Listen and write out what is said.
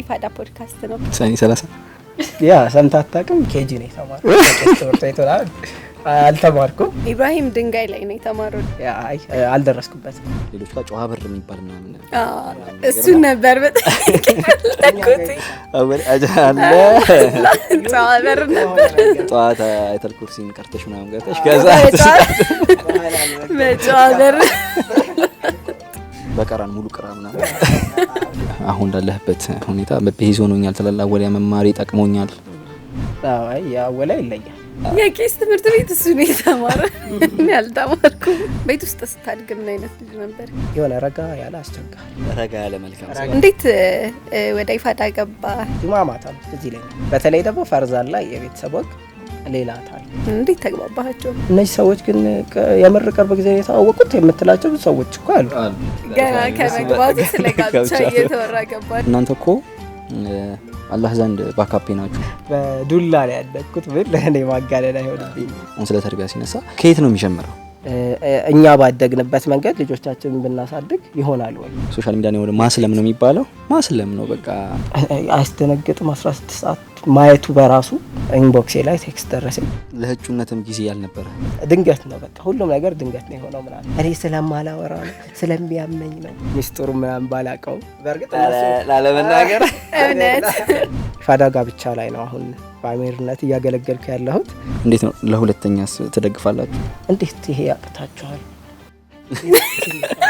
ኢፋዳ ፖድካስት ነው። ሰኔ ሰላሳ ያ ሰምተህ አታውቅም። ኬጂ ነው የተማረው ትምህርት ቤት አልተማርኩም። ኢብራሂም ድንጋይ ላይ ነው የተማረው። አልደረስኩበትም። ሌሎች ጋር ጨዋ በር የሚባል ምናምን እሱን ነበር በጣም ጨዋ በር ነበር። ጠዋት አይተል ኩርሲን ቀርተሽ ምናምን ገብተሽ ከዛ በጨዋ በር በቀራን ሙሉ ቅራ ምናምን አሁን ላለህበት ሁኔታ ቤዝ ሆኖኛል ትላለህ? አወሊያ መማሪ ጠቅሞኛል? አይ አወሊያ ይለኛል። የቄስ ትምህርት ቤት እሱ ነው የተማረ፣ እኔ አልተማርኩም። ቤት ውስጥ ስታድግ ምን አይነት ልጅ ነበር? የሆነ ረጋ ያለ አስቸጋሪ፣ ረጋ ያለ መልካም። እንዴት ወደ ኢፋዳ ገባ? ጁማ ማታ ነው እዚህ ላይ። በተለይ ደግሞ ፈርዛን ላይ የቤተሰብ ወግ ሌላ ታሪክ። እንዴት ተግባባቸው እነዚህ ሰዎች? ግን የምር ቅርብ ጊዜ የተዋወቁት የምትላቸው ብዙ ሰዎች እኮ አሉ። ገና ከመግባቱ ስለጋብቻ እየተወራ ገባል። እናንተ እኮ አላህ ዘንድ ባካፔ ናችሁ። በዱላ ላይ ያደግኩት ብል ለእኔ ማጋለል አይሆንብኝ። ስለ ተርቢያ ሲነሳ ከየት ነው የሚጀምረው? እኛ ባደግንበት መንገድ ልጆቻችን ብናሳድግ ይሆናል ወይ? ሶሻል ሚዲያ ወደ ማስለም ነው የሚባለው። ማስለም ነው በቃ። አያስደነግጥም። 16 ሰዓት ማየቱ በራሱ ኢንቦክሴ ላይ ቴክስት ደረሰኝ። ለእጩነትም ጊዜ ያልነበረ ድንገት ነው። በቃ ሁሉም ነገር ድንገት ነው የሆነው። ምናምን እኔ ስለማላወራ ነው ስለሚያመኝ ነው ሚስጥሩ ምናምን ባላቀው በእርግጥ ላለመናገር እውነት ኢፋዳ ጋብቻ ላይ ነው አሁን በአሜርነት እያገለገልኩ ያለሁት። እንዴት ነው ለሁለተኛ ትደግፋላችሁ? እንዴት ይሄ ያቅታችኋል?